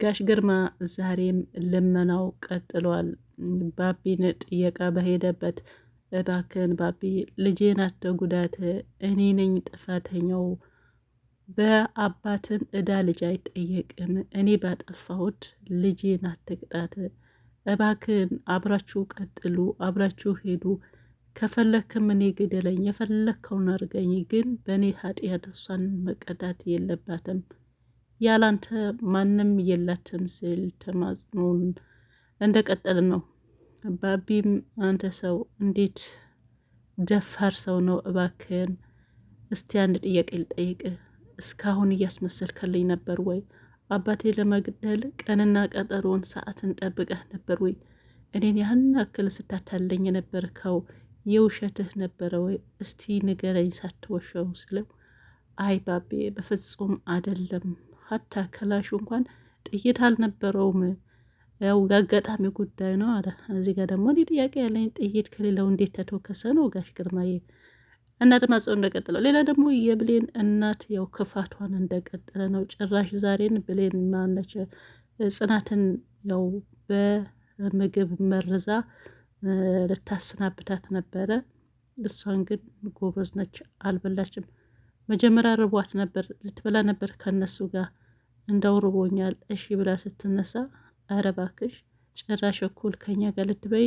ጋሽ ግርማ ዛሬም ልመናው ቀጥሏል። ባቢን ጥየቃ በሄደበት እባክን ባቢ ልጄን አትጉዳት፣ እኔ ነኝ ጥፋተኛው። በአባትን እዳ ልጅ አይጠየቅም። እኔ ባጠፋሁት ልጄን አትቅጣት። እባክን አብራችሁ ቀጥሉ፣ አብራችሁ ሄዱ። ከፈለክም እኔ ግደለኝ፣ የፈለግከውን አድርገኝ፣ ግን በእኔ ኃጢአት እሷን መቀጣት የለባትም። ያላንተ ማንም የላትም ስል ተማጽኖን እንደቀጠል ነው። ባቢም አንተ ሰው እንዴት ደፋር ሰው ነው! እባክህን እስቲ አንድ ጥያቄ ልጠይቅ። እስካሁን እያስመሰልከልኝ ነበር ወይ? አባቴ ለመግደል ቀንና ቀጠሮን ሰዓትን ጠብቀህ ነበር ወይ? እኔን ያህን አክል ስታታለኝ የነበርከው የውሸትህ ነበረ ወይ? እስቲ ንገረኝ ሳትወሸው ስለው አይ ባቤ በፍጹም አይደለም ሀታ ከላሹ እንኳን ጥይት አልነበረውም። ያው አጋጣሚ ጉዳይ ነው አለ። እዚህ ጋር ደግሞ እኔ ጥያቄ ያለኝ ጥይት ከሌለው እንዴት ተተኮሰ ነው ጋሽ ግርማዬ። እና ድማጸው እንደቀጠለው ሌላ ደግሞ የብሌን እናት ያው ክፋቷን እንደቀጠለ ነው። ጭራሽ ዛሬን ብሌን ማነች ጽናትን ያው በምግብ መርዛ ልታሰናብታት ነበረ። እሷን ግን ጎበዝ ነች፣ አልበላችም። መጀመሪያ ርቧት ነበር፣ ልትበላ ነበር ከነሱ ጋር እንደው ርቦኛል እሺ ብላ ስትነሳ ኧረ እባክሽ ጭራሽ እኩል ከኛ ጋር ልትበይ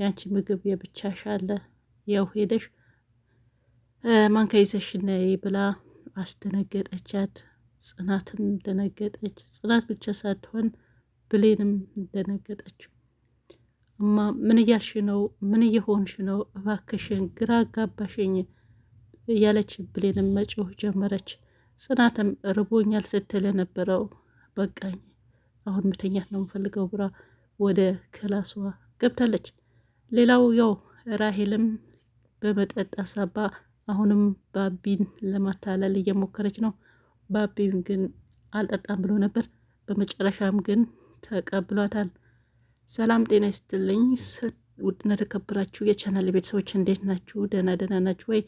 የአንቺ ምግብ የብቻሽ አለ ያው ሄደሽ ማንካ ይዘሽ ነይ ብላ አስደነገጠቻት። ጽናትም ደነገጠች። ጽናት ብቻ ሳትሆን ብሌንም ደነገጠች። እማ ምን እያልሽ ነው? ምን እየሆንሽ ነው? እባክሽን ግራ ጋባሽኝ እያለች ብሌንም መጮህ ጀመረች። ጽናትም ርቦኛል ስትል የነበረው በቃኝ አሁን ምተኛት ነው የምፈልገው ብራ ወደ ክላሷ ገብታለች። ሌላው ያው ራሄልም በመጠጥ አሳባ አሁንም ባቢን ለማታለል እየሞከረች ነው። ባቢም ግን አልጠጣም ብሎ ነበር። በመጨረሻም ግን ተቀብሏታል። ሰላም ጤና ይስጥልኝ ውድና ተከብራችሁ የቻናል ቤተሰቦች እንዴት ናችሁ? ደህና ደህና ናችሁ ወይ?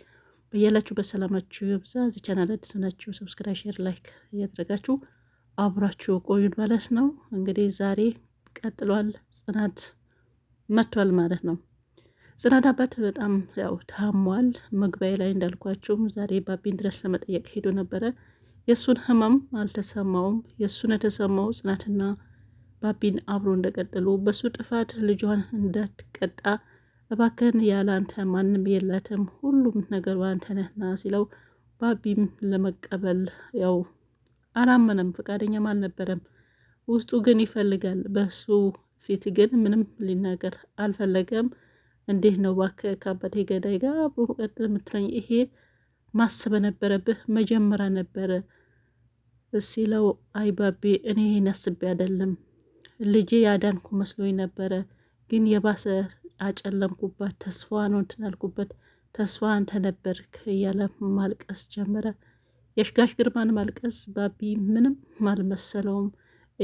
በያላችሁ በሰላማችሁ ይብዛ። እዚህ ቻናል አዲስ ሰብስክራይብ፣ ሼር፣ ላይክ እያደረጋችሁ አብራችሁ ቆዩን ማለት ነው። እንግዲህ ዛሬ ቀጥሏል፣ ጽናት መጥቷል ማለት ነው። ጽናት አባት በጣም ያው ታሟል። መግቢያ ላይ እንዳልኳቸውም ዛሬ ባቢን ድረስ ለመጠየቅ ሄዶ ነበረ። የእሱን ህመም አልተሰማውም። የእሱን የተሰማው ጽናትና ባቢን አብሮ እንደቀጠሉ በእሱ ጥፋት ልጇን እንዳትቀጣ እባክህን ያለ አንተ ማንም የለትም፣ ሁሉም ነገር በአንተ ነህና ሲለው ባቢም ለመቀበል ያው አላመነም፣ ፈቃደኛም አልነበረም። ውስጡ ግን ይፈልጋል። በሱ ፊት ግን ምንም ሊናገር አልፈለገም። እንዴት ነው እባክህ ከአባቴ ገዳይ ጋር አብሮ መቀጠል የምትለኝ? ይሄ ማሰብ ነበረብህ መጀመሪያ ነበረ ሲለው አይ ባቤ፣ እኔ ይሄን አስቤ አይደለም ልጄ ያዳንኩ መስሎኝ ነበረ፣ ግን የባሰ አጨለምኩበት ተስፋ ነው እንትን አልኩበት፣ ተስፋ አንተ ነበርክ እያለ ማልቀስ ጀመረ። የሽጋሽ ግርማን ማልቀስ ባቢ ምንም አልመሰለውም።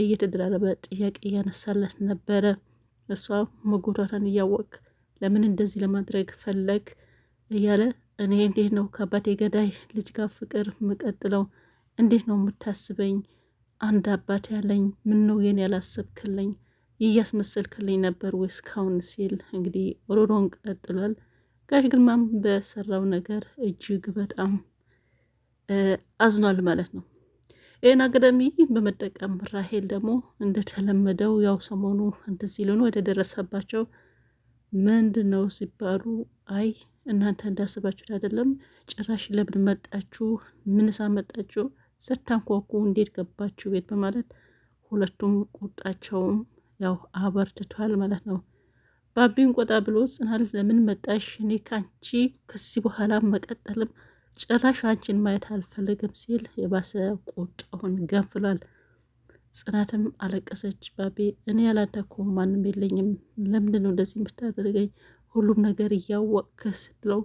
እየተደራረበ ጥያቄ እያነሳለት ነበረ። እሷ መጎዳቷን እያወቅ ለምን እንደዚህ ለማድረግ ፈለግ እያለ እኔ እንዴት ነው ከአባቴ ገዳይ ልጅ ጋር ፍቅር ምቀጥለው? እንዴት ነው የምታስበኝ? አንድ አባት ያለኝ ምን ነው የኔ ያላሰብክልኝ? እያስመሰልክልኝ ነበር ወይ እስካሁን ሲል እንግዲህ ሮሮን ቀጥሏል። ጋሽ ግርማም በሰራው ነገር እጅግ በጣም አዝኗል ማለት ነው። ይህን አጋጣሚ በመጠቀም ራሄል ደግሞ እንደተለመደው ያው ሰሞኑ እንትን ሲሉን ወደ ደረሰባቸው ምንድን ነው ሲባሉ አይ እናንተ እንዳስባችሁት አይደለም፣ ጭራሽ ለምን መጣችሁ? ምንሳ መጣችሁ? ሳታንኳኩ እንዴት ገባችሁ ቤት በማለት ሁለቱም ቁጣቸውም ያው አበርትቷል ማለት ነው። ባቢን ቆጣ ብሎ ጽናት ለምን መጣሽ? እኔ ካንቺ ከዚህ በኋላ መቀጠልም ጭራሽ አንቺን ማየት አልፈልግም ሲል የባሰ ቁጣውን ገንፍሏል። ጽናትም አለቀሰች። ባቢ እኔ ያላንተ ማንም የለኝም፣ ለምንድን ነው እንደዚህ የምታደርገኝ? ሁሉም ነገር እያወቅከስ ብለው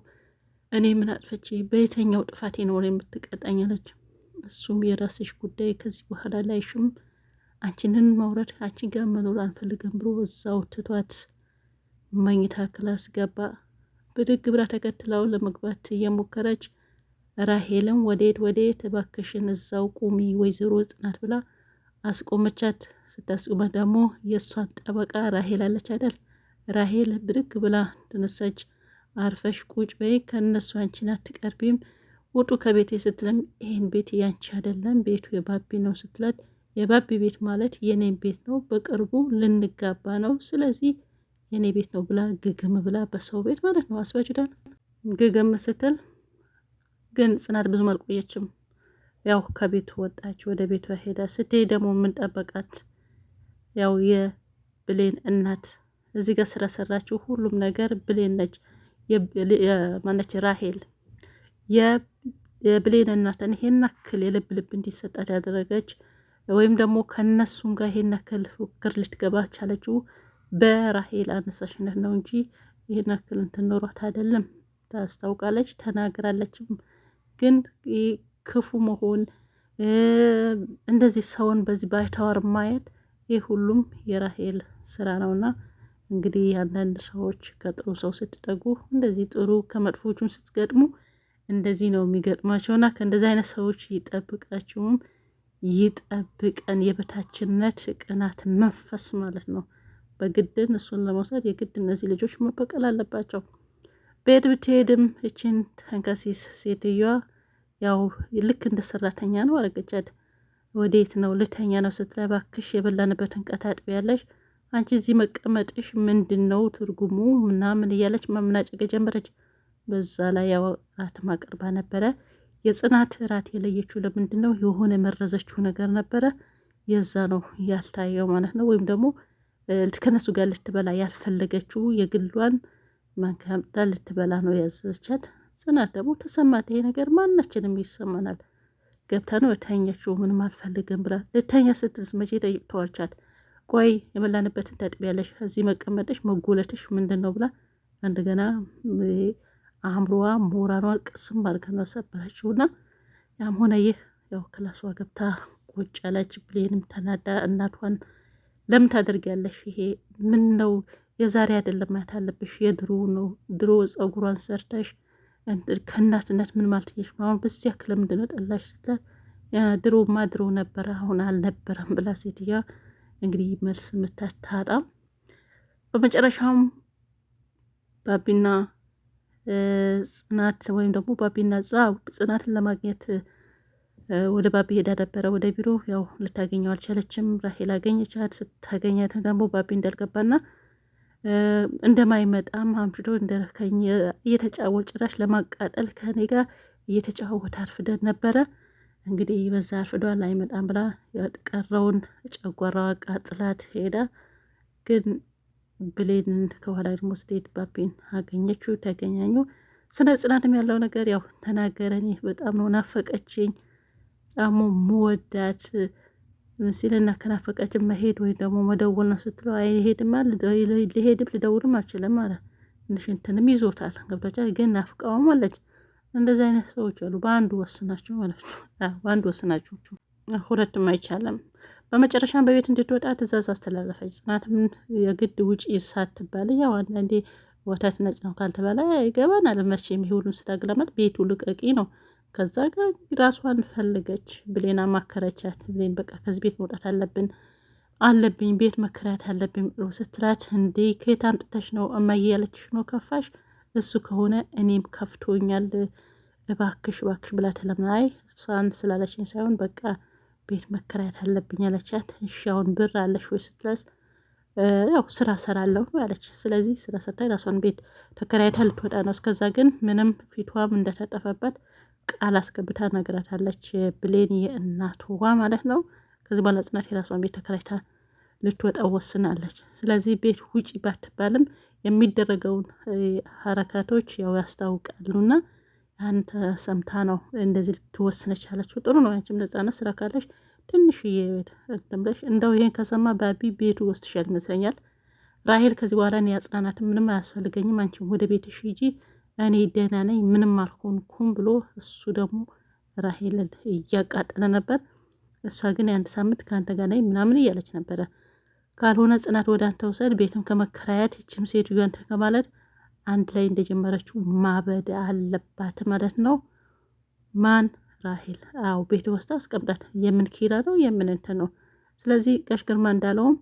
እኔ ምን አጥፈቼ በየተኛው ጥፋቴ ነው የምትቀጣኝ አለች። እሱም የራስሽ ጉዳይ ከዚህ በኋላ ላይሽም አንቺንን መውረድ አንቺ ጋር መኖር አንፈልግም ብሎ እዛው ትቷት መኝታ ክላስ ገባ። ብድግ ብላ ተከትለው ለመግባት እየሞከረች ራሄልም ወዴት ወዴት እባክሽን እዛው ቁሚ ወይዘሮ ጽናት ብላ አስቆመቻት። ስታስቆመት ደግሞ የእሷን ጠበቃ ራሄል አለች አይደል? ራሄል ብድግ ብላ ትነሳች። አርፈሽ ቁጭ በይ ከእነሱ አንቺን አትቀርቢም ውጡ ከቤቴ ስትለም ይህን ቤት ያንቺ አይደለም ቤቱ የባቢ ነው ስትላት የባቢ ቤት ማለት የኔ ቤት ነው፣ በቅርቡ ልንጋባ ነው፣ ስለዚህ የኔ ቤት ነው ብላ ግግም ብላ በሰው ቤት ማለት ነው አስበጅዳል። ግግም ስትል ግን ጽናት ብዙም አልቆየችም። ያው ከቤቱ ወጣች፣ ወደ ቤቷ ሄዳ ስትሄድ ደግሞ የምንጠበቃት ያው የብሌን እናት እዚህ ጋር ስለሰራችው ሁሉም ነገር ብሌን ነች። ማነች ራሄል የብሌን እናትን ይሄን አክል የልብ ልብ እንዲሰጣት ያደረገች ወይም ደግሞ ከነሱም ጋር ይሄን ያክል ፉክክር ልትገባ ቻለችው በራሄል አነሳሽነት ነው እንጂ ይሄን ያክል እንትን ኖሯት አይደለም። ታስታውቃለች፣ ተናግራለችም። ግን ክፉ መሆን እንደዚህ ሰውን በዚህ ባይተዋር ማየት ይህ ሁሉም የራሄል ስራ ነውና እንግዲህ አንዳንድ ሰዎች ከጥሩ ሰው ስትጠጉ እንደዚህ ጥሩ ከመጥፎቹም ስትገጥሙ እንደዚህ ነው የሚገጥማቸውና ከእንደዚህ አይነት ሰዎች ይጠብቃችሁም። ይጠብቀን። የበታችነት ቅናት መንፈስ ማለት ነው። በግድን እሱን ለመውሰድ የግድ እነዚህ ልጆች መበቀል አለባቸው። ቤት ብትሄድም እችን ተንከሲስ ሴትዮዋ ያው ልክ እንደ ሰራተኛ ነው አረገቻት። ወዴት ነው ልተኛ ነው ስትላይ፣ እባክሽ የበላንበትን ቀት አጥቢያለሽ አንቺ እዚህ መቀመጥሽ ምንድን ነው ትርጉሙ? ምናምን እያለች ማምናጨቅ ጀመረች። በዛ ላይ ያው እራት ማቅርባ ነበረ። የጽናት ራት የለየችው ለምንድን ነው? የሆነ የመረዘችው ነገር ነበረ። የዛ ነው ያልታየው ማለት ነው። ወይም ደግሞ ከነሱ ጋር ልትበላ ያልፈለገችው የግሏን ማንከምጣ ልትበላ ነው ያዘዘቻት። ጽናት ደግሞ ተሰማት። ይሄ ነገር ማናችንም ይሰማናል። ገብታ ነው እተኛችው። ምንም አልፈልግም ብላ ልተኛ ስትልስ መቼ ተዋልቻት። ቆይ የበላንበትን ታጥቢያለሽ፣ እዚህ መቀመጠሽ መጎለትሽ ምንድን ነው ብላ እንደገና አእምሮዋ ሞራኗን ቅስም ባልከና ሰበረችው ሰበረችውና ያም ሆነ ይህ ያው ክላሷ ገብታ ቁጭ ያለች ብሌንም ተናዳ እናቷን ለምን ታደርጊያለሽ? ይሄ ምን ነው? የዛሬ አይደለም ማየት አለብሽ፣ የድሮ ነው። ድሮ ጸጉሯን ሰርተሽ ከእናትነት ምን ማለት ሽ አሁን በዚህ ያክል ምንድነው ጠላሽ? ስትላት ድሮማ ድሮ ነበረ አሁን አልነበረም ብላ ሴትዮዋ እንግዲህ መልስ ምታታጣም በመጨረሻም ባቢና ጽናት ወይም ደግሞ ባቢና ዛ ጽናትን ለማግኘት ወደ ባቢ ሄዳ ነበረ ወደ ቢሮ። ያው ልታገኘው አልቻለችም። ራሄል አገኘቻት። ስታገኛት ደግሞ ባቢ እንዳልገባና እንደማይመጣም አምሽዶ እንደከኝ እየተጫወት ጭራሽ ለማቃጠል ከኔ ጋር እየተጫወተ አርፍደን ነበረ። እንግዲህ በዛ አርፍዷል አይመጣም ብላ ቀረውን ጨጓራዋ ቃጥላት ሄዳ ግን ብሌን ከኋላ ደግሞ ስቴድ ባፒን አገኘችው። ተገናኙ። ስነ ጽናትም ያለው ነገር ያው ተናገረኝ። በጣም ነው ናፈቀችኝ፣ ጫሞ ምወዳት ሲልና ከናፈቀችን መሄድ ወይም ደግሞ መደወል ነው ስትለው ሄድማ ሊሄድም ልደውልም አልችልም አለ። ትንሽ እንትንም ይዞታል ገብቶቻል። ግን ናፍቃውም አለች። እንደዚህ አይነት ሰዎች አሉ። በአንዱ ወስናቸው ማለት በአንዱ ወስናቸው ሁለቱም አይቻልም። በመጨረሻም በቤት እንድትወጣ ትእዛዝ አስተላለፈች። ጽናትም የግድ ውጪ ሳትባል ያው አንዳንዴ ወተት ነጭ ነው ካልተባለ ይገባናል መቼም ይሄ ሁሉም ስታግለመጥ ቤቱ ልቀቂ ነው። ከዛ ጋር ራሷን ፈልገች። ብሌን አማከረቻት። ብሌን በቃ ከዚህ ቤት መውጣት አለብን አለብኝ ቤት መከራት አለብኝ ብሎ ስትላት እንዴ ከየት አምጥተሽ ነው እማዬ ያለችሽ ነው ከፋሽ? እሱ ከሆነ እኔም ከፍቶኛል፣ እባክሽ እባክሽ ብላ ተለምና፣ አይ እሷን ስላለችኝ ሳይሆን በቃ ቤት መከራየት አለብኝ አለቻት። እሺ አሁን ብር አለሽ ወይ ስትለስ ያው ስራ ሰራለሁ አለች። ስለዚህ ስራ ሰርታ የራሷን ቤት ተከራይታ ልትወጣ ነው። እስከዛ ግን ምንም ፊቷም እንደተጠፈበት ቃል አስገብታ ነግራታለች። ብሌን የእናትዋ ማለት ነው። ከዚህ በኋላ ጽናት የራሷን ቤት ተከራይታ ልትወጣ ወስናለች። ስለዚህ ቤት ውጪ ባትባልም የሚደረገውን ሀረካቶች ያው ያስታውቃሉና አንተ ሰምታ ነው እንደዚህ ልትወስነች ያለችው። ጥሩ ነው። አንቺም ነጻነት ስራ ካለሽ ትንሽዬ ቤት እንደው ይሄን ከሰማ ባቢ ቤቱ ወስድሻል ይመስለኛል። ራሄል ከዚህ በኋላ እኔ ያጽናናት ምንም አያስፈልገኝም፣ አንቺም ወደ ቤትሽ ሂጂ፣ እኔ ደህና ነኝ፣ ምንም አልሆንኩም ብሎ እሱ ደግሞ ራሄልን እያቃጠለ ነበር። እሷ ግን የአንድ ሳምንት ከአንተ ጋር ነኝ ምናምን እያለች ነበረ። ካልሆነ ጽናት ወደ አንተ ውሰድ፣ ቤትም ከመከራያት ይችም ሴትዮን ከማለት አንድ ላይ እንደጀመረችው ማበድ አለባት ማለት ነው። ማን ራሄል? አዎ ቤት ውስጥ አስቀምጣት። የምን ኪራ ነው የምን እንትን ነው። ስለዚህ ጋሽ ግርማ እንዳለውም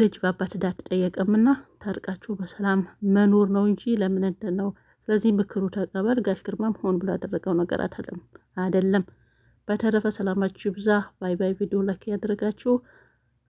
ልጅ በአባት ዕዳ ተጠየቀምና ታርቃችሁ በሰላም መኖር ነው እንጂ ለምን እንትን ነው። ስለዚህ ምክሩ ተቀበል። ጋሽ ግርማም ሆን ብሎ ያደረገው ነገር አይደለም። በተረፈ ሰላማችሁ ይብዛ። ባይ ባይ። ቪዲዮ ላይክ ያደረጋችሁ